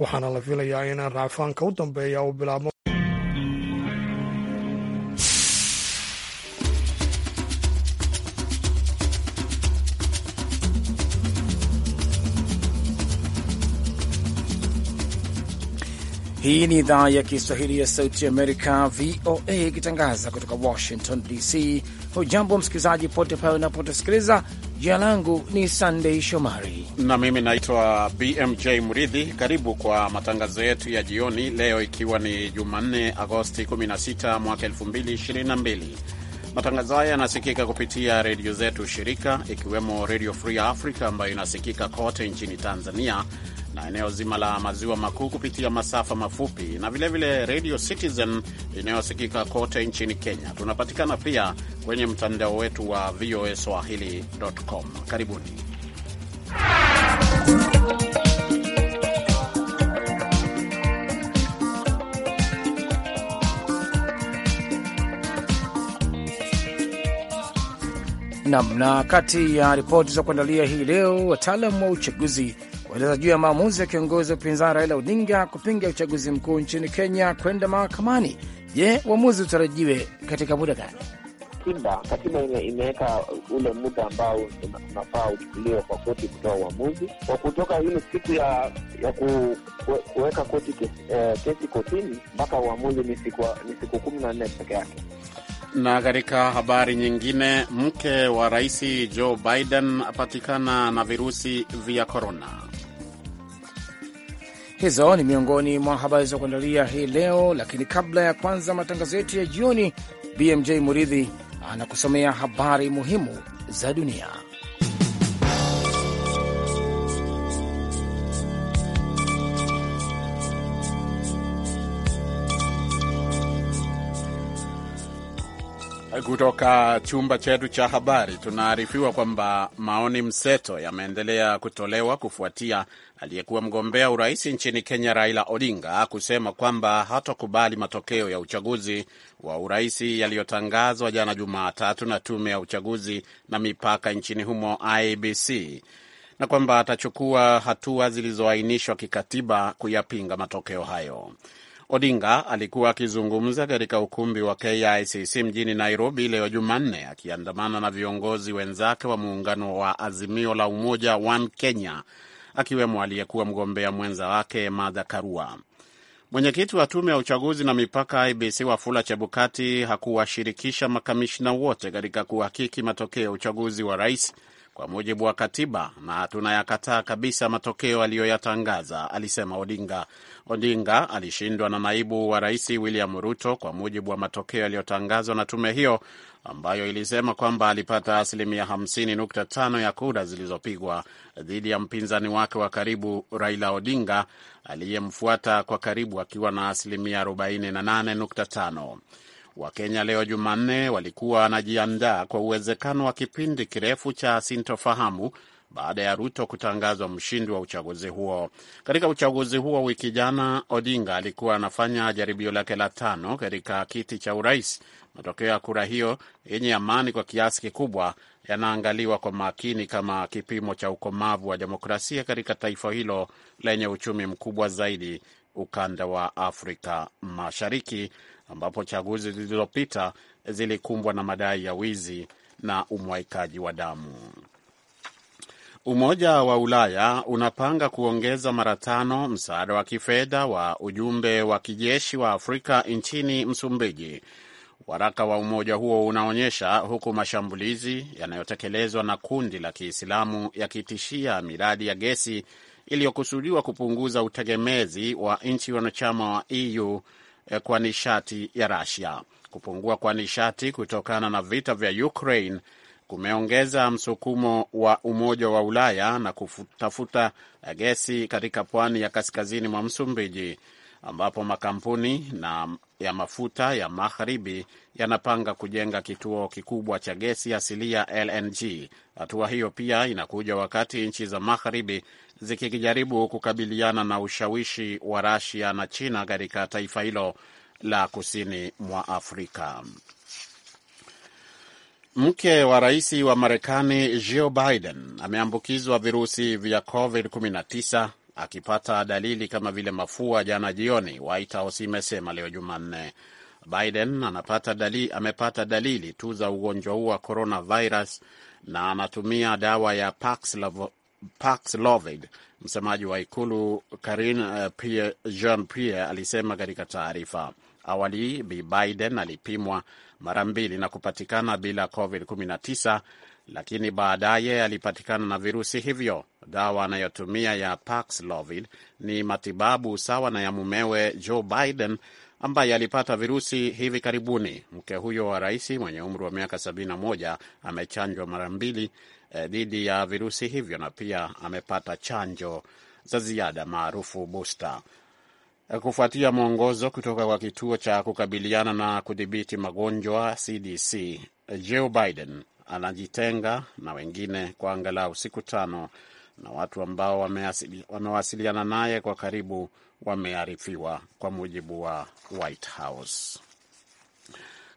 waxaana la filayaa in raafaanka u dambeeya uu bilaabmo. Hii ni idhaa ya Kiswahili ya Sauti Amerika, VOA, ikitangaza kutoka Washington DC. Hujambo msikilizaji pote pale unapotusikiliza. Jina langu ni sandei Shomari na mimi naitwa BMJ Mridhi. Karibu kwa matangazo yetu ya jioni leo, ikiwa ni Jumanne, Agosti 16 mwaka 2022. Matangazo haya yanasikika kupitia redio zetu shirika, ikiwemo Redio Free Africa ambayo inasikika kote nchini Tanzania na eneo zima la maziwa makuu kupitia masafa mafupi na vilevile Radio Citizen inayosikika kote nchini Kenya. Tunapatikana pia kwenye mtandao wetu wa VOA Swahili.com. Karibuni. Nam na kati ya ripoti za kuandalia hii leo, wataalam wa uchaguzi kueleza juu ya maamuzi ya kiongozi wa upinzani Raila Odinga kupinga uchaguzi mkuu nchini Kenya kwenda mahakamani. Je, uamuzi utarajiwe katika muda gani? Katiba katiba imeweka ule muda ambao unafaa uchukuliwe kwa koti kutoa uamuzi kwa kutoka ile siku ya ya kuweka koti kesi, eh, kesi kotini mpaka uamuzi ni siku kumi na nne peke yake. Na katika habari nyingine, mke wa rais Joe Biden apatikana na virusi vya korona. Hizo ni miongoni mwa habari za kuandalia hii leo, lakini kabla ya kwanza matangazo yetu ya jioni, BMJ Muridhi anakusomea habari muhimu za dunia. Kutoka chumba chetu cha habari tunaarifiwa kwamba maoni mseto yameendelea kutolewa kufuatia aliyekuwa mgombea urais nchini Kenya Raila Odinga kusema kwamba hatokubali matokeo ya uchaguzi wa urais yaliyotangazwa jana Jumatatu na tume ya uchaguzi na mipaka nchini humo ibc na kwamba atachukua hatua zilizoainishwa kikatiba kuyapinga matokeo hayo. Odinga alikuwa akizungumza katika ukumbi wa KICC mjini Nairobi leo Jumanne, akiandamana na viongozi wenzake wa muungano wa Azimio la Umoja One Kenya, akiwemo aliyekuwa mgombea mwenza wake Martha Karua. Mwenyekiti wa tume ya uchaguzi na mipaka IBC Wafula Chebukati hakuwashirikisha makamishna wote katika kuhakiki matokeo ya uchaguzi wa rais kwa mujibu wa katiba na tunayakataa kabisa matokeo aliyoyatangaza, alisema Odinga. Odinga alishindwa na naibu wa rais William Ruto kwa mujibu wa matokeo yaliyotangazwa na tume hiyo ambayo ilisema kwamba alipata asilimia 50.5 ya kura zilizopigwa dhidi ya mpinzani wake wa karibu Raila Odinga aliyemfuata kwa karibu akiwa na asilimia 48.5. Wakenya leo Jumanne walikuwa wanajiandaa kwa uwezekano wa kipindi kirefu cha sintofahamu baada ya Ruto kutangazwa mshindi wa uchaguzi huo. Katika uchaguzi huo wiki jana, Odinga alikuwa anafanya jaribio lake la tano katika kiti cha urais. Matokeo ya kura hiyo yenye amani kwa kiasi kikubwa yanaangaliwa kwa makini kama kipimo cha ukomavu wa demokrasia katika taifa hilo lenye uchumi mkubwa zaidi ukanda wa Afrika Mashariki ambapo chaguzi zilizopita zilikumbwa na madai ya wizi na umwaikaji wa damu. Umoja wa Ulaya unapanga kuongeza mara tano msaada wa kifedha wa ujumbe wa kijeshi wa Afrika nchini Msumbiji. Waraka wa umoja huo unaonyesha huku mashambulizi yanayotekelezwa na kundi la Kiislamu yakitishia miradi ya gesi iliyokusudiwa kupunguza utegemezi wa nchi wanachama wa EU Eh, kwa nishati ya Rasia. Kupungua kwa nishati kutokana na vita vya Ukraine kumeongeza msukumo wa Umoja wa Ulaya na kutafuta eh, gesi katika pwani ya kaskazini mwa Msumbiji ambapo makampuni na ya mafuta ya magharibi yanapanga kujenga kituo kikubwa cha gesi asilia LNG. Hatua hiyo pia inakuja wakati nchi za magharibi zikijaribu kukabiliana na ushawishi wa Rasia na China katika taifa hilo la kusini mwa Afrika. Mke wa rais wa Marekani Joe Biden ameambukizwa virusi vya COVID-19 akipata dalili kama vile mafua jana jioni, White House imesema leo Jumanne. Biden anapata dalili, amepata dalili tu za ugonjwa huu wa coronavirus na anatumia dawa ya Paxlovid. Msemaji wa ikulu Karine eh, Jean Pierre alisema katika taarifa. Awali Bi Biden alipimwa mara mbili na kupatikana bila COVID-19, lakini baadaye alipatikana na virusi hivyo. Dawa anayotumia ya Paxlovid ni matibabu sawa na ya mumewe Joe Biden ambaye alipata virusi hivi karibuni. Mke huyo wa rais mwenye umri wa miaka 71 amechanjwa mara mbili eh, dhidi ya virusi hivyo na pia amepata chanjo za ziada maarufu booster. Eh, kufuatia mwongozo kutoka kwa kituo cha kukabiliana na kudhibiti magonjwa CDC, eh, Joe Biden anajitenga na wengine kwa angalau siku tano na watu ambao wamewasiliana naye kwa karibu wamearifiwa, kwa mujibu wa White House.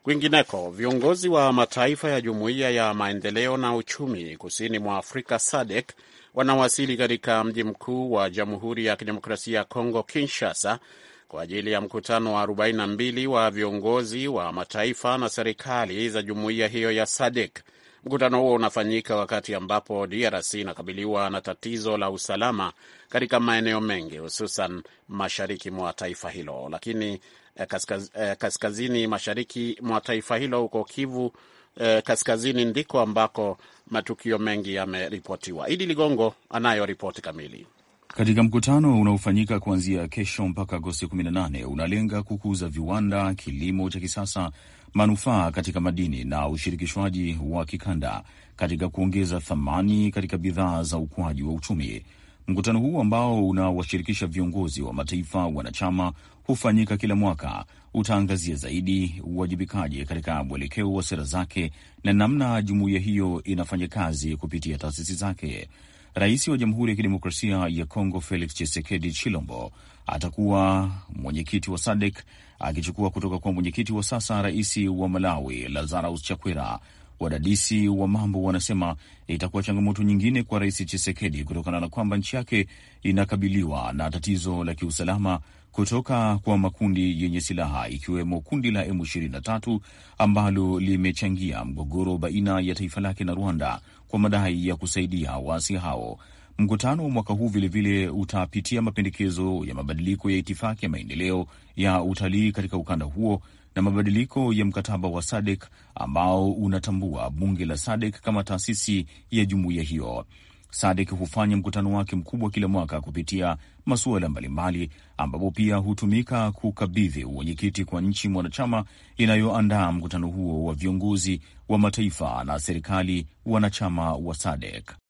Kwingineko, viongozi wa mataifa ya Jumuiya ya Maendeleo na Uchumi kusini mwa Afrika SADC wanawasili katika mji mkuu wa Jamhuri ya Kidemokrasia ya Kongo, Kinshasa, kwa ajili ya mkutano wa 42 wa viongozi wa mataifa na serikali za jumuiya hiyo ya SADC. Mkutano huo unafanyika wakati ambapo DRC inakabiliwa na tatizo la usalama katika maeneo mengi, hususan mashariki mwa taifa hilo, lakini eh, kaskaz, eh, kaskazini mashariki mwa taifa hilo huko Kivu eh, kaskazini ndiko ambako matukio mengi yameripotiwa. Idi Ligongo anayo ripoti kamili. Katika mkutano unaofanyika kuanzia kesho mpaka Agosti 18 unalenga kukuza viwanda, kilimo cha kisasa manufaa katika madini na ushirikishwaji wa kikanda katika kuongeza thamani katika bidhaa za ukuaji wa uchumi. Mkutano huu ambao unawashirikisha viongozi wa mataifa wanachama hufanyika kila mwaka utaangazia zaidi uwajibikaji katika mwelekeo wa sera zake na namna jumuiya hiyo inafanya kazi kupitia taasisi zake. Rais wa Jamhuri ya Kidemokrasia ya Kongo Felix Tshisekedi Chilombo atakuwa mwenyekiti wa SADC akichukua kutoka kwa mwenyekiti wa sasa, rais wa Malawi Lazarus Chakwera. Wadadisi wa mambo wanasema itakuwa changamoto nyingine kwa rais Chisekedi kutokana na kwamba nchi yake inakabiliwa na tatizo la kiusalama kutoka kwa makundi yenye silaha ikiwemo kundi la M23 ambalo limechangia mgogoro baina ya taifa lake na Rwanda kwa madai ya kusaidia waasi hao. Mkutano wa mwaka huu vilevile utapitia mapendekezo ya mabadiliko ya itifaki ya maendeleo ya utalii katika ukanda huo na mabadiliko ya mkataba wa SADC ambao unatambua bunge la SADC kama taasisi ya jumuiya hiyo. SADC hufanya mkutano wake mkubwa kila mwaka kupitia masuala mbalimbali, ambapo pia hutumika kukabidhi uwenyekiti kwa nchi mwanachama inayoandaa mkutano huo wa viongozi wa mataifa na serikali wanachama wa SADC.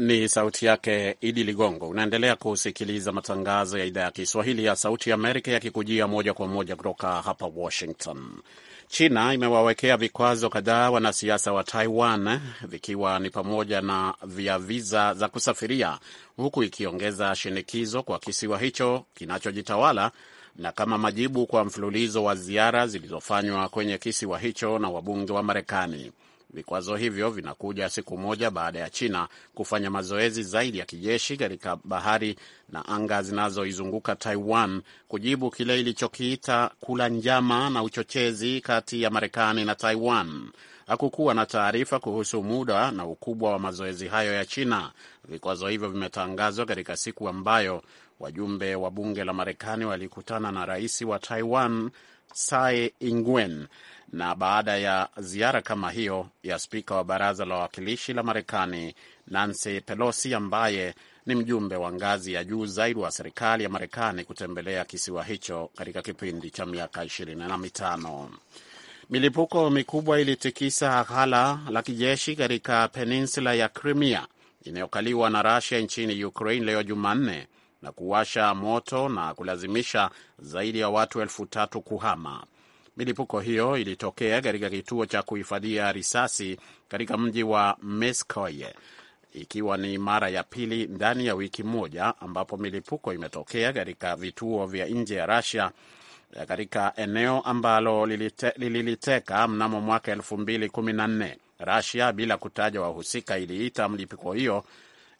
Ni sauti yake Idi Ligongo. Unaendelea kusikiliza matangazo ya idhaa ya Kiswahili ya Sauti ya Amerika yakikujia moja kwa moja kutoka hapa Washington. China imewawekea vikwazo kadhaa wanasiasa wa Taiwan, vikiwa ni pamoja na vya viza za kusafiria, huku ikiongeza shinikizo kwa kisiwa hicho kinachojitawala na kama majibu kwa mfululizo wa ziara zilizofanywa kwenye kisiwa hicho na wabunge wa Marekani. Vikwazo hivyo vinakuja siku moja baada ya China kufanya mazoezi zaidi ya kijeshi katika bahari na anga zinazoizunguka Taiwan kujibu kile ilichokiita kula njama na uchochezi kati ya Marekani na Taiwan. Hakukuwa na taarifa kuhusu muda na ukubwa wa mazoezi hayo ya China. Vikwazo hivyo vimetangazwa katika siku ambayo wajumbe wa bunge la Marekani walikutana na rais wa Taiwan Tsai Ing-wen na baada ya ziara kama hiyo ya spika wa baraza la wawakilishi la Marekani Nancy Pelosi ambaye ni mjumbe wa ngazi ya juu zaidi wa serikali ya Marekani kutembelea kisiwa hicho katika kipindi cha miaka ishirini na mitano. Milipuko mikubwa ilitikisa ghala la kijeshi katika peninsula ya Crimea inayokaliwa na rasia nchini Ukraine leo Jumanne na kuwasha moto na kulazimisha zaidi ya watu elfu tatu kuhama. Milipuko hiyo ilitokea katika kituo cha kuhifadhia risasi katika mji wa Meskoye, ikiwa ni mara ya pili ndani ya wiki moja ambapo milipuko imetokea katika vituo vya nje ya Russia eh, katika eneo ambalo lilite, lililiteka mnamo mwaka 2014. Russia bila kutaja wahusika iliita mlipuko hiyo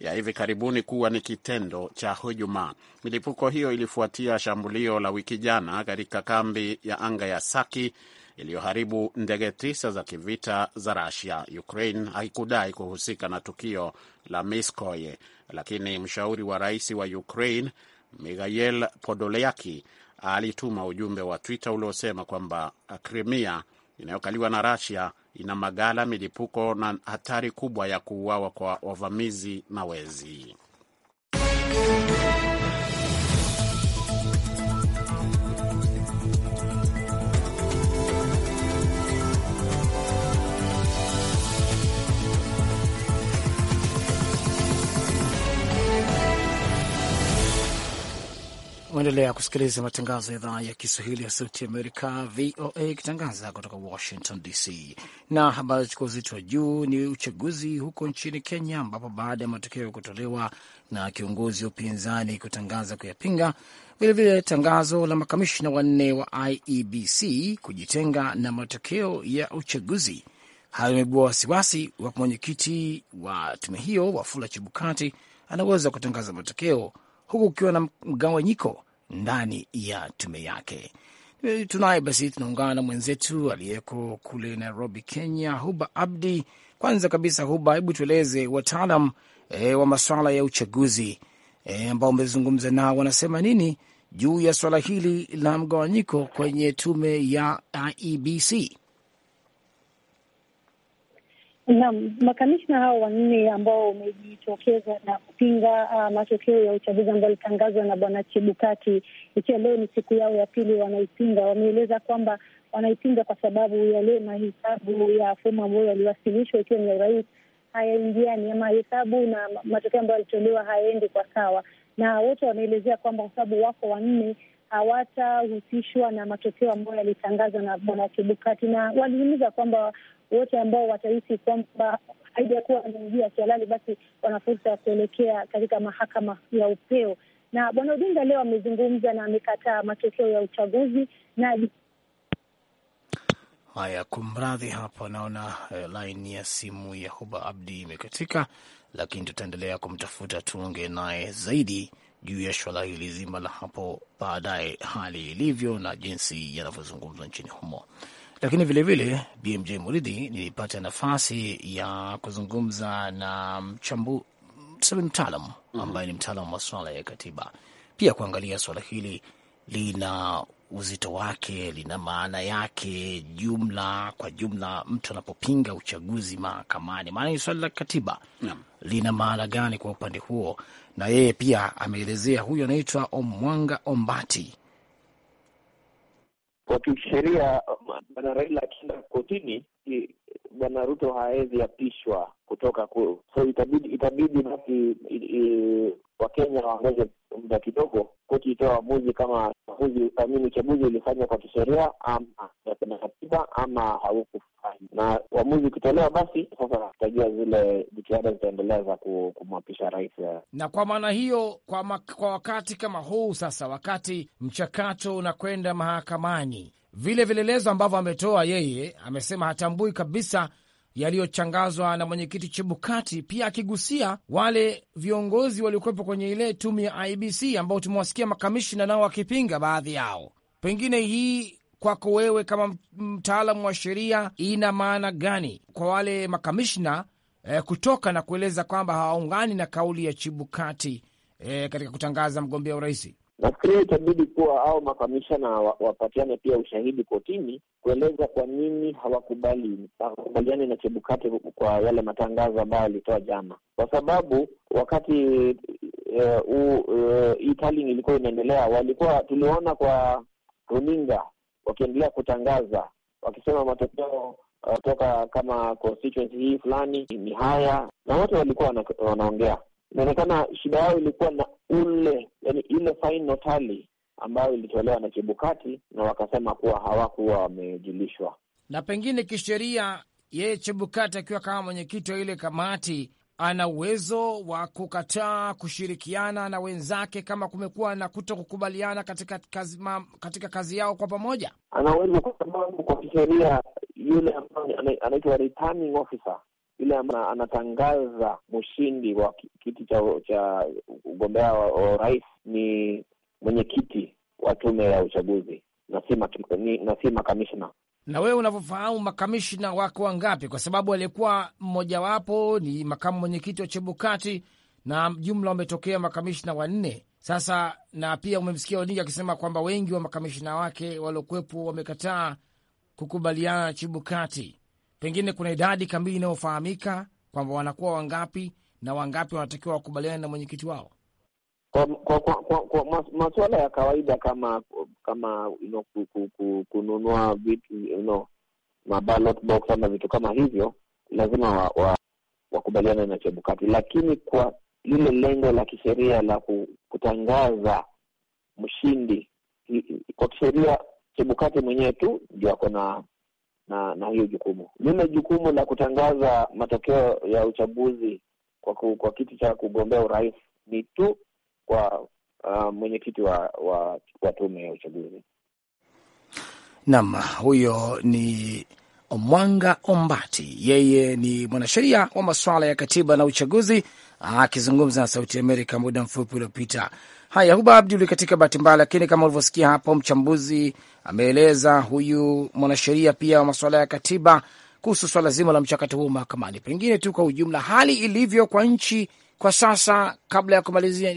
ya hivi karibuni kuwa ni kitendo cha hujuma. Milipuko hiyo ilifuatia shambulio la wiki jana katika kambi ya anga ya Saki iliyoharibu ndege tisa za kivita za rasia Ukraine haikudai kuhusika na tukio la Miskoy, lakini mshauri wa rais wa Ukraine Mikhail Podolaki alituma ujumbe wa Twitter uliosema kwamba krimia inayokaliwa na Rasia ina magala milipuko na hatari kubwa ya kuuawa kwa wavamizi na wezi. Unaendelea kusikiliza matangazo ya idhaa ya Kiswahili ya Sauti Amerika, VOA, ikitangaza kutoka Washington DC. Na habari chukua uzito wa juu ni uchaguzi huko nchini Kenya, ambapo baada ya matokeo kutolewa na kiongozi wa upinzani kutangaza kuyapinga, vilevile tangazo la makamishna wanne wa IEBC kujitenga na matokeo ya uchaguzi, hayo imebua wasiwasi wa mwenyekiti wa tume hiyo Wafula Chebukati anaweza kutangaza matokeo huku kukiwa na mgawanyiko ndani ya tume yake. E, tunaye basi, tunaungana na mwenzetu aliyeko kule Nairobi, Kenya, Huba Abdi. Kwanza kabisa, Huba, hebu tueleze wataalam e, wa maswala ya uchaguzi e, ambao wamezungumza nao wanasema nini juu ya swala hili la mgawanyiko kwenye tume ya IEBC? Naam, makamishna hao wanne ambao wamejitokeza na kupinga uh, matokeo ya uchaguzi ambayo alitangazwa na bwana Chebukati, ikiwa leo ni siku yao ya pili wanaipinga, wameeleza kwamba wanaipinga kwa sababu yale mahesabu ya fomu ambayo yaliwasilishwa ikiwa ni ya urais hayaingiani, ama hesabu na matokeo ambayo yalitolewa hayaendi kwa sawa, na wote wameelezea kwamba kwa sababu wako wanne hawatahusishwa na matokeo ambayo yalitangazwa na bwana Chebukati, na walihimiza kwamba wote ambao watahisi kwamba haijakuwa ni njia kihalali, basi wana fursa ya kuelekea katika mahakama ya upeo. Na bwana Odinga leo amezungumza na amekataa matokeo ya uchaguzi na Haya, kumradhi, hapo, naona uh, laini ya simu ya Huba Abdi imekatika, lakini tutaendelea kumtafuta tuonge naye zaidi juu ya swala hili zima la hapo baadaye, hali ilivyo na jinsi yanavyozungumzwa nchini humo. Lakini vilevile vile, BMJ Muridhi, nilipata nafasi ya kuzungumza na mchambu tuseme mtaalam mhm. ambaye ni mtaalam wa swala ya katiba, pia kuangalia swala hili lina uzito wake, lina maana yake jumla kwa jumla. Mtu anapopinga uchaguzi mahakamani, maana ni swala la katiba lina maana gani kwa upande huo, na yeye pia ameelezea. Huyu anaitwa Omwanga Ombati. Kwa kisheria, bwana Raila akienda kotini, bwana Ruto hawezi apishwa kutoka ku, so itabidi itabidi basi Wakenya waongeze muda kidogo, koti itoa uamuzi kama uchaguzi ulifanywa kwa kisheria ama na katiba ama hauku na uamuzi ukitolewa, basi sasa tutajua zile jitihada zitaendelea za kumwapisha rais. Eh. Na kwa maana hiyo, kwa, ma, kwa wakati kama huu sasa, wakati mchakato unakwenda mahakamani, vile vilelezo ambavyo ametoa yeye, amesema hatambui kabisa yaliyochangazwa na mwenyekiti Chebukati, pia akigusia wale viongozi waliokuwepo kwenye ile tume ya IBC ambao tumewasikia makamishina nao wakipinga baadhi yao. Pengine hii kwako wewe kama mtaalamu wa sheria ina maana gani kwa wale makamishna eh, kutoka na kueleza kwamba hawaungani na kauli ya Chibukati eh, katika kutangaza mgombea urais? Nafikiria itabidi kuwa au makamishana wapatiane pia ushahidi kotini kueleza kwa nini hawakubali hawakubaliani na Chebukati kwa yale matangazo ambayo alitoa jana, kwa sababu wakati e, uh, uh, ilikuwa inaendelea, walikuwa tuliona kwa runinga wakiendelea kutangaza wakisema matokeo kutoka uh, toka kama constituency hii fulani ni haya, na wote walikuwa wana, wanaongea. Inaonekana shida yao ilikuwa na ule yani ile final notali ambayo ilitolewa na Chebukati, na wakasema kuwa hawakuwa wamejulishwa, na pengine kisheria, yeye Chebukati akiwa kama mwenyekiti wa ile kamati ana uwezo wa kukataa kushirikiana na wenzake kama kumekuwa na kuto kukubaliana katika kazi, ma, katika kazi yao kwa pamoja. Anaweza kwa sababu kwa kisheria yule ambaye anaitwa returning officer yule anatangaza mshindi wa kiti cha cha ugombea wa, wa rais ni mwenyekiti wa tume ya uchaguzi na si makamishna. Na wewe unavyofahamu makamishna wako wangapi? Kwa sababu aliyekuwa mmojawapo ni makamu mwenyekiti wa Chebukati, na jumla wametokea makamishna wanne sasa, na pia umemsikia Odinga akisema kwamba wengi wa makamishna wake waliokuwepo wamekataa kukubaliana na Chebukati. Pengine kuna idadi kamili inayofahamika kwamba wanakuwa wangapi na wangapi wanatakiwa wakubaliana na mwenyekiti wao. Kwa, kwa, kwa, kwa, kwa masuala ya kawaida kama kama you know, kununua vitu you know, ballot box ama vitu kama hivyo, lazima wakubaliane wa, wa na Chebukati, lakini kwa lile lengo la kisheria la kutangaza mshindi kwa kisheria, Chebukati mwenyewe tu ndio ako na na na hiyo jukumu. Lile jukumu la kutangaza matokeo ya uchaguzi kwa, ku, kwa kiti cha kugombea urais ni tu kwa uh, mwenyekiti wa, wa, wa tume ya uchaguzi. Naam, huyo ni Omwanga Ombati, yeye ni mwanasheria wa masuala ya katiba na uchaguzi akizungumza na Sauti ya Amerika muda mfupi uliopita. Haya, Huba Abdul katika bahati mbaya, lakini kama ulivyosikia hapo, mchambuzi ameeleza huyu mwanasheria pia wa masuala ya katiba kuhusu swala zima la mchakato huo mahakamani. Pengine tu kwa ujumla hali ilivyo kwa nchi kwa sasa, kabla ya kumalizia.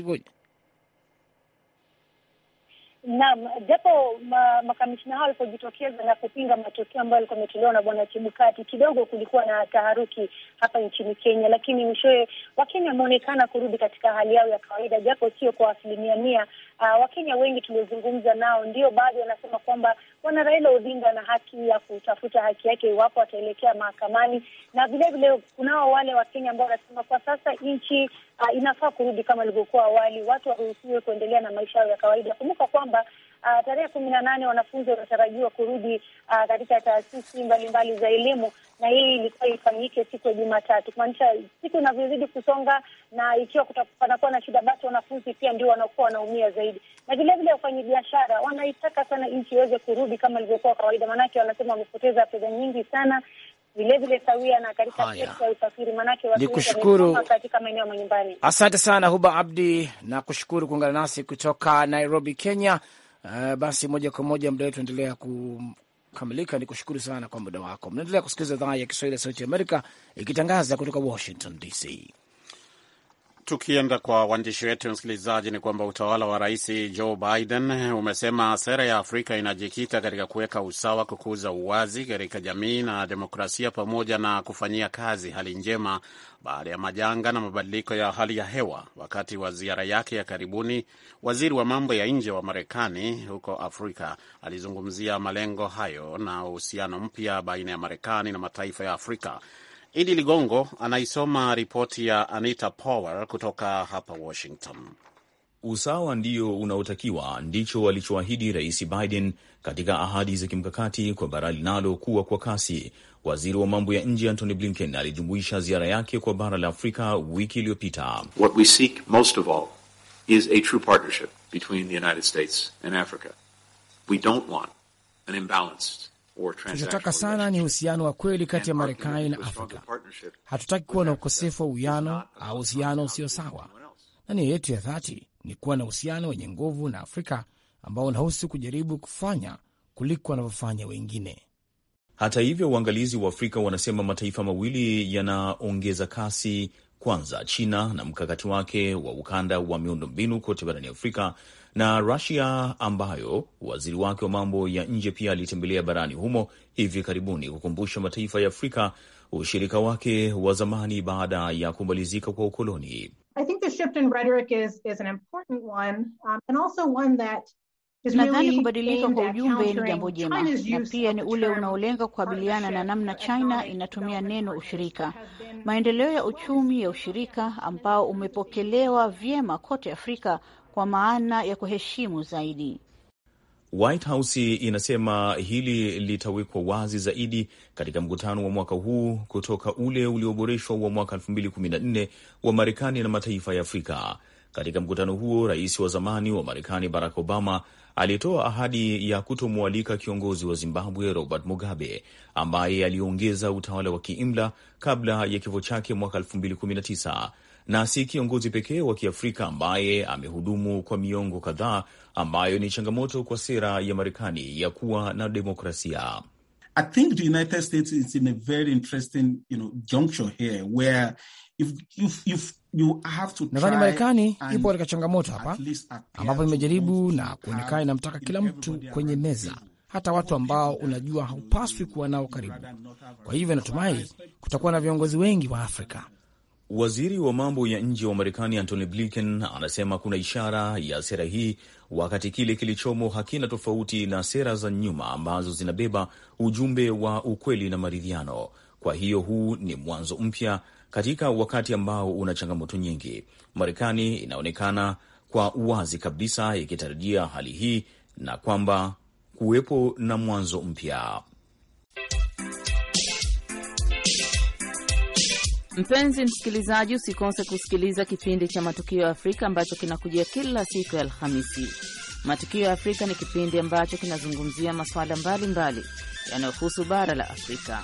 Naam, japo ma, makamishina hao walipojitokeza na kupinga matokeo ambayo yalikuwa ametolewa na bwana Chebukati, kidogo kulikuwa na taharuki hapa nchini Kenya, lakini mwishowe Wakenya wameonekana kurudi katika hali yao ya kawaida, japo sio kwa asilimia mia, Uh, Wakenya wengi tuliozungumza nao ndio baadhi wanasema kwamba bwana Raila Odinga ana haki ya kutafuta haki yake iwapo ataelekea mahakamani, na vilevile kunao wale Wakenya ambao wanasema kwa sasa nchi uh, inafaa kurudi kama ilivyokuwa awali, watu waruhusiwe kuendelea na maisha yao ya kawaida. Kumbuka kwamba uh, tarehe kumi na nane wanafunzi wanatarajiwa kurudi uh, katika taasisi mbalimbali za elimu, na hii ilikuwa ifanyike siku ya Jumatatu, kumaanisha siku inavyozidi kusonga na ikiwa panakuwa na shida, basi wanafunzi pia ndio wanakuwa wanaumia zaidi, na vilevile wafanyabiashara wanaitaka sana nchi iweze kurudi kama ilivyokuwa kawaida, maanake wanasema wamepoteza fedha nyingi sana vilevile sawia na katika sekta ya usafiri manake kushukuru... katika maeneo manyumbani. Asante sana Huba Abdi, na kushukuru kuungana nasi kutoka Nairobi, Kenya. Eh, basi moja kwa moja muda wetu endelea kukamilika. Ni kushukuru sana kwa muda wako. Mnaendelea kusikiliza idhaa ya Kiswahili ya Sauti Amerika ikitangaza kutoka Washington DC. Tukienda kwa waandishi wetu, msikilizaji, ni kwamba utawala wa Rais Joe Biden umesema sera ya Afrika inajikita katika kuweka usawa, kukuza uwazi katika jamii na demokrasia, pamoja na kufanyia kazi hali njema baada ya majanga na mabadiliko ya hali ya hewa. Wakati wa ziara yake ya karibuni, waziri wa mambo ya nje wa Marekani huko Afrika alizungumzia malengo hayo na uhusiano mpya baina ya Marekani na mataifa ya Afrika. Idi Ligongo anaisoma ripoti ya Anita Power kutoka hapa Washington. Usawa ndio unaotakiwa, ndicho alichoahidi Rais Biden katika ahadi za kimkakati kwa bara linalokuwa kwa kasi. Waziri wa mambo ya nje Antony Blinken alijumuisha ziara yake kwa bara la Afrika wiki iliyopita. What we seek most of all is a true partnership between the United States and Africa. We don't want an imbalanced Tunachotaka sana ni uhusiano wa kweli kati ya Marekani na Afrika. Hatutaki kuwa na ukosefu wa uwiano au uhusiano usio sawa, na nia yetu ya dhati ni kuwa na uhusiano wenye nguvu na Afrika ambao unahusu kujaribu kufanya kuliko wanavyofanya wengine. Hata hivyo, uangalizi wa Afrika wanasema mataifa mawili yanaongeza kasi kwanza, China na mkakati wake wa ukanda wa miundombinu kote barani Afrika na Rusia ambayo waziri wake wa mambo ya nje pia alitembelea barani humo hivi karibuni kukumbusha mataifa ya Afrika ushirika wake wa zamani baada ya kumalizika kwa ukoloni. I think the shift in rhetoric is, is an important one, um, and also one that Nadhani kubadilika kwa ujumbe ni jambo jema, na pia ni ule unaolenga kukabiliana na namna China inatumia neno ushirika, maendeleo ya uchumi ya ushirika, ambao umepokelewa vyema kote Afrika kwa maana ya kuheshimu zaidi. White House inasema hili litawekwa wazi zaidi katika mkutano wa mwaka huu kutoka ule ulioboreshwa wa mwaka 2014 wa Marekani na mataifa ya Afrika. Katika mkutano huo, rais wa zamani wa Marekani Barack Obama alitoa ahadi ya kutomwalika kiongozi wa Zimbabwe Robert Mugabe ambaye aliongeza utawala wa kiimla kabla ya kifo chake mwaka 2019 na si kiongozi pekee wa Kiafrika ambaye amehudumu kwa miongo kadhaa, ambayo ni changamoto kwa sera ya Marekani ya kuwa na demokrasia. I think the United States is in a very interesting, you know, juncture here where if, if, if Nadhani Marekani ipo katika changamoto hapa, ambapo imejaribu na kuonekana inamtaka kila mtu kwenye meza, hata watu ambao unajua haupaswi kuwa nao karibu. Kwa hivyo natumai kutakuwa na viongozi wengi wa Afrika. Waziri wa mambo ya nje wa Marekani Antony Blinken anasema kuna ishara ya sera hii, wakati kile kilichomo hakina tofauti na sera za nyuma ambazo zinabeba ujumbe wa ukweli na maridhiano. Kwa hiyo huu ni mwanzo mpya katika wakati ambao una changamoto nyingi. Marekani inaonekana kwa uwazi kabisa ikitarajia hali hii na kwamba kuwepo na mwanzo mpya. Mpenzi msikilizaji, usikose kusikiliza kipindi cha Matukio ya Afrika ambacho kinakujia kila siku ya Alhamisi. Matukio ya Afrika ni kipindi ambacho kinazungumzia masuala mbalimbali yanayohusu bara la Afrika.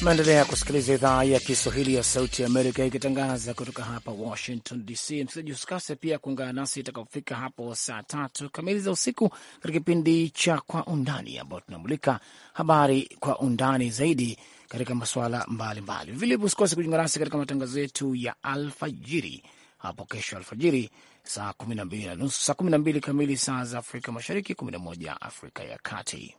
Naendelea kusikiliza idhaa ya Kiswahili ya Sauti ya Amerika ikitangaza kutoka hapa Washington DC. Msikilizaji, usikose pia kuungana nasi itakapofika hapo saa tatu kamili za usiku katika kipindi cha Kwa Undani, ambao tunamulika habari kwa undani zaidi katika masuala mbalimbali. Vile usikose kujiunga nasi katika matangazo yetu ya alfajiri hapo kesho alfajiri saa kumi na mbili na nusu saa kumi na mbili kamili saa za Afrika Mashariki, kumi na moja Afrika ya Kati.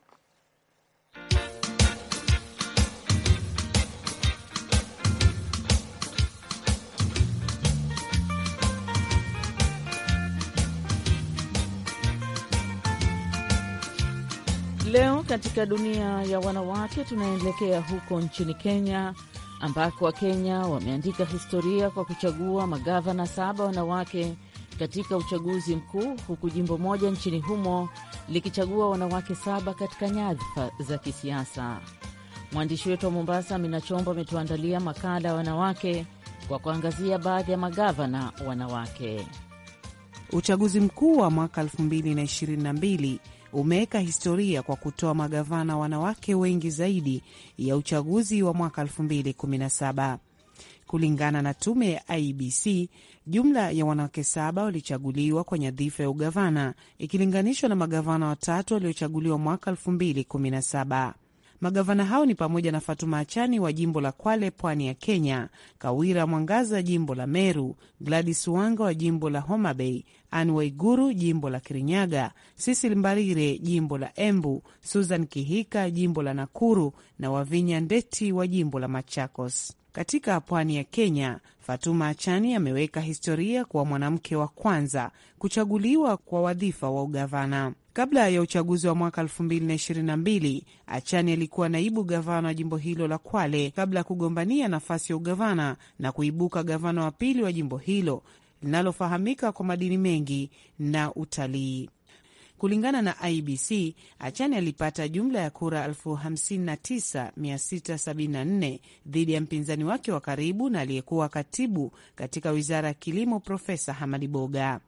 Leo katika dunia ya wanawake, tunaelekea huko nchini Kenya ambako Wakenya wameandika historia kwa kuchagua magavana saba wanawake katika uchaguzi mkuu, huku jimbo moja nchini humo likichagua wanawake saba katika nyadhifa za kisiasa. Mwandishi wetu wa Mombasa, Amina Chombo, ametuandalia makala ya wanawake kwa kuangazia baadhi ya magavana wanawake. Uchaguzi mkuu wa mwaka 2022 umeweka historia kwa kutoa magavana wanawake wengi zaidi ya uchaguzi wa mwaka 2017. Kulingana na tume ya IBC, jumla ya wanawake saba walichaguliwa kwa nyadhifa ya ugavana ikilinganishwa na magavana watatu waliochaguliwa mwaka 2017. Magavana hao ni pamoja na Fatuma Achani wa jimbo la Kwale, pwani ya Kenya, Kawira Mwangaza, jimbo la Meru, Gladys Wanga wa jimbo la Homa Bay, Waiguru, jimbo la Kirinyaga, sisil Mbarire, jimbo la Embu, Susan Kihika, jimbo la Nakuru na Wavinya Ndeti wa jimbo la Machakos. Katika pwani ya Kenya, Fatuma Achani ameweka historia kuwa mwanamke wa kwanza kuchaguliwa kwa wadhifa wa ugavana. Kabla ya uchaguzi wa mwaka 2022 Achani alikuwa naibu gavana wa jimbo hilo la Kwale kabla ya kugombania nafasi ya ugavana na kuibuka gavana wa pili wa jimbo hilo linalofahamika kwa madini mengi na utalii. Kulingana na IBC, Achani alipata jumla ya kura 59674 dhidi ya mpinzani wake wa karibu na aliyekuwa katibu katika wizara ya kilimo Profesa Hamadi Boga.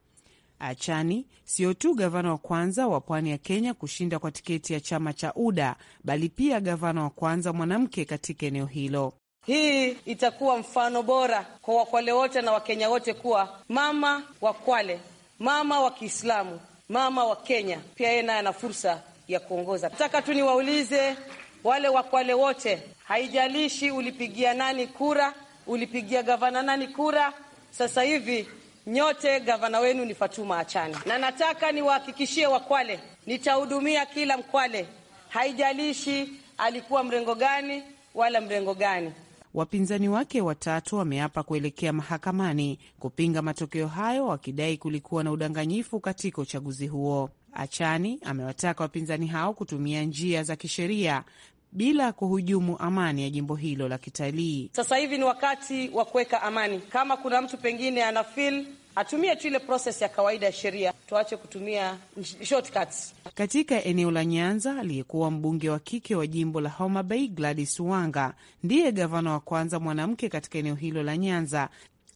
Achani sio tu gavana wa kwanza wa pwani ya Kenya kushinda kwa tiketi ya chama cha UDA bali pia gavana wa kwanza mwanamke katika eneo hilo. Hii itakuwa mfano bora kwa Wakwale wote na Wakenya wote kuwa mama wa Kwale, mama wa Kiislamu, mama wa Kenya, pia yeye naye ana fursa ya kuongoza. Nataka tu niwaulize wale Wakwale wote, haijalishi ulipigia nani kura, ulipigia gavana nani kura, sasa hivi nyote, gavana wenu ni Fatuma Achani, na nataka niwahakikishie Wakwale nitahudumia kila Mkwale, haijalishi alikuwa mrengo gani wala mrengo gani. Wapinzani wake watatu wameapa kuelekea mahakamani kupinga matokeo hayo, wakidai kulikuwa na udanganyifu katika uchaguzi huo. Achani amewataka wapinzani hao kutumia njia za kisheria bila kuhujumu amani ya jimbo hilo la kitalii. Sasa hivi ni wakati wa kuweka amani. Kama kuna mtu pengine ana feel atumie tu ile proses ya kawaida ya sheria, tuache kutumia shortcuts. Katika eneo la Nyanza, aliyekuwa mbunge wa kike wa jimbo la Homa Bay Gladys Wanga ndiye gavana wa kwanza mwanamke katika eneo hilo la Nyanza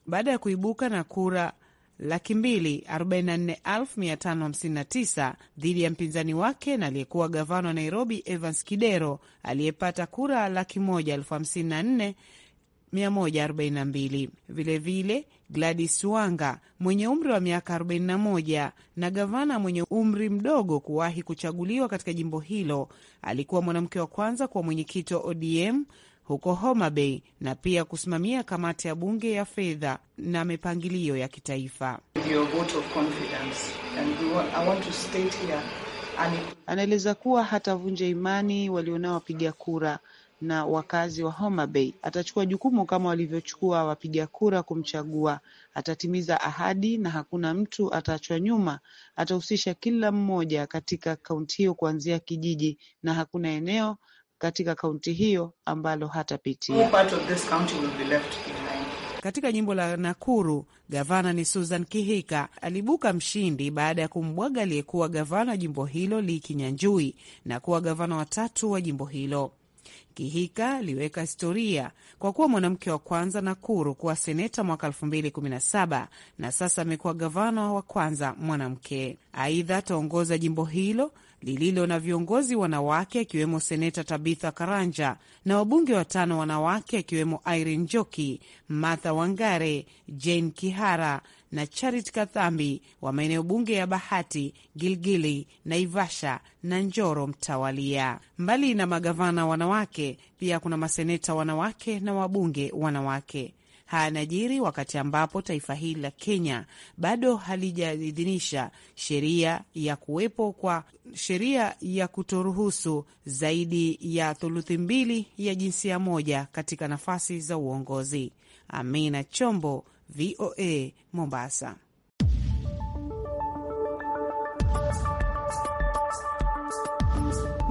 baada ya kuibuka na kura laki mbili arobaini na nne elfu mia tano hamsini na tisa dhidi ya mpinzani wake na aliyekuwa gavana wa Nairobi Evans Kidero aliyepata kura laki moja elfu hamsini na nne Vilevile Gladys Wanga mwenye umri wa miaka 41 na gavana mwenye umri mdogo kuwahi kuchaguliwa katika jimbo hilo, alikuwa mwanamke wa kwanza kuwa mwenyekiti wa ODM huko Homa Bay na pia kusimamia kamati ya bunge ya fedha na mipangilio ya kitaifa. Anaeleza kuwa hatavunja imani walionao wapiga kura na wakazi wa Homa Bay. Atachukua jukumu kama walivyochukua wapiga kura kumchagua. Atatimiza ahadi na hakuna mtu ataachwa nyuma. Atahusisha kila mmoja katika kaunti hiyo kuanzia kijiji, na hakuna eneo katika kaunti hiyo ambalo hatapitia. Katika jimbo la Nakuru, gavana ni Susan Kihika alibuka mshindi baada ya kumbwaga aliyekuwa gavana jimbo hilo Lee Kinyanjui na kuwa gavana watatu wa jimbo hilo. Kihika aliweka historia kwa kuwa mwanamke wa kwanza Nakuru kuwa seneta mwaka 2017 na sasa amekuwa gavana wa kwanza mwanamke. Aidha, ataongoza jimbo hilo lililo na viongozi wanawake akiwemo Seneta Tabitha Karanja na wabunge watano wanawake akiwemo Irene Njoki, Martha Wangare, Jane Kihara na Charity Kathambi wa maeneo bunge ya Bahati, Gilgili, Naivasha na Njoro mtawalia. Mbali na magavana wanawake, pia kuna maseneta wanawake na wabunge wanawake. Hayanajiri wakati ambapo taifa hili la Kenya bado halijaidhinisha sheria ya kuwepo kwa sheria ya kutoruhusu zaidi ya thuluthi mbili ya jinsia moja katika nafasi za uongozi. Amina Chombo, VOA, Mombasa.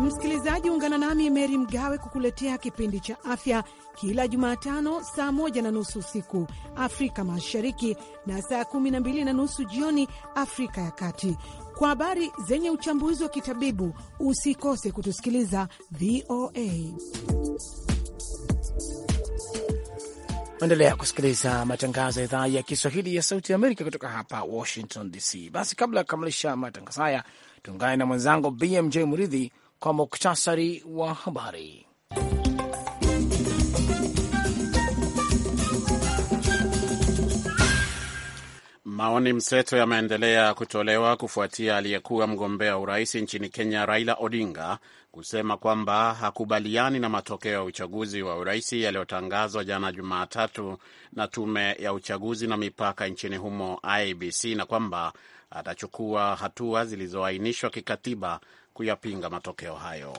Msikilizaji, ungana nami Meri Mgawe kukuletea kipindi cha afya kila Jumatano saa moja na nusu usiku Afrika Mashariki na saa kumi na mbili na nusu jioni Afrika ya Kati, kwa habari zenye uchambuzi wa kitabibu. Usikose kutusikiliza VOA. Endelea kusikiliza matangazo ya idhaa ya Kiswahili ya Sauti ya Amerika kutoka hapa Washington DC. Basi kabla ya kukamilisha matangazo haya, tuungane na mwenzangu BMJ Muridhi kwa muktasari wa habari. Maoni mseto yameendelea kutolewa kufuatia aliyekuwa mgombea urais nchini Kenya Raila Odinga kusema kwamba hakubaliani na matokeo ya uchaguzi wa urais yaliyotangazwa jana Jumatatu na tume ya uchaguzi na mipaka nchini humo IBC, na kwamba atachukua hatua zilizoainishwa kikatiba kuyapinga matokeo hayo.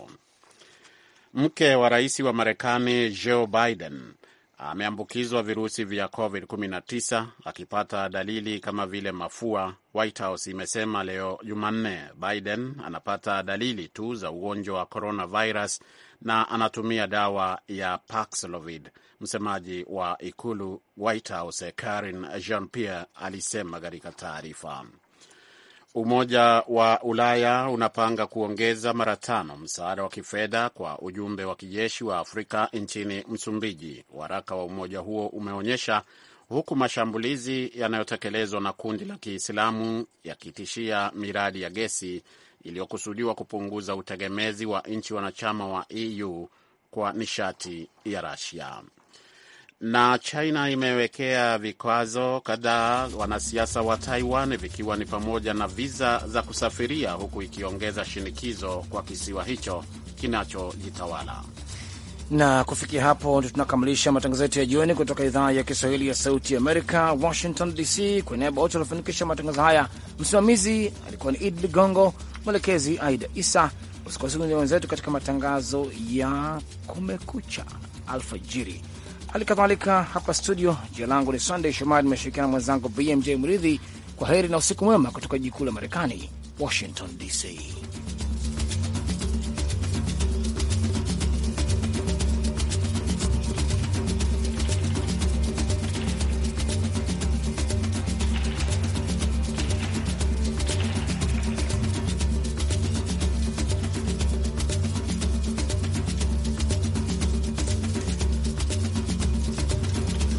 Mke wa rais wa Marekani Joe Biden ameambukizwa virusi vya COVID-19 akipata dalili kama vile mafua. White House imesema leo Jumanne Biden anapata dalili tu za ugonjwa wa coronavirus na anatumia dawa ya Paxlovid. Msemaji wa ikulu White House Karin Jean Pierre alisema katika taarifa Umoja wa Ulaya unapanga kuongeza mara tano msaada wa kifedha kwa ujumbe wa kijeshi wa Afrika nchini Msumbiji, waraka wa umoja huo umeonyesha, huku mashambulizi yanayotekelezwa na kundi la Kiislamu yakitishia miradi ya gesi iliyokusudiwa kupunguza utegemezi wa nchi wanachama wa EU kwa nishati ya Russia. Na China imewekea vikwazo kadhaa wanasiasa wa Taiwan, vikiwa ni pamoja na viza za kusafiria, huku ikiongeza shinikizo kwa kisiwa hicho kinachojitawala. Na kufikia hapo ndio tunakamilisha matangazo yetu ya jioni kutoka idhaa ya Kiswahili ya Sauti Amerika, Washington DC. Kwa niaba wote waliofanikisha matangazo haya, msimamizi alikuwa ni Idi Ligongo, mwelekezi Aida Isa. Usikose wenzetu katika matangazo ya Kumekucha alfajiri. Hali kadhalika hapa studio, jina langu ni Sunday Shomari, nimeshirikiana mwenzangu BMJ Mridhi. Kwa heri na usiku mwema kutoka jikuu la Marekani, Washington DC.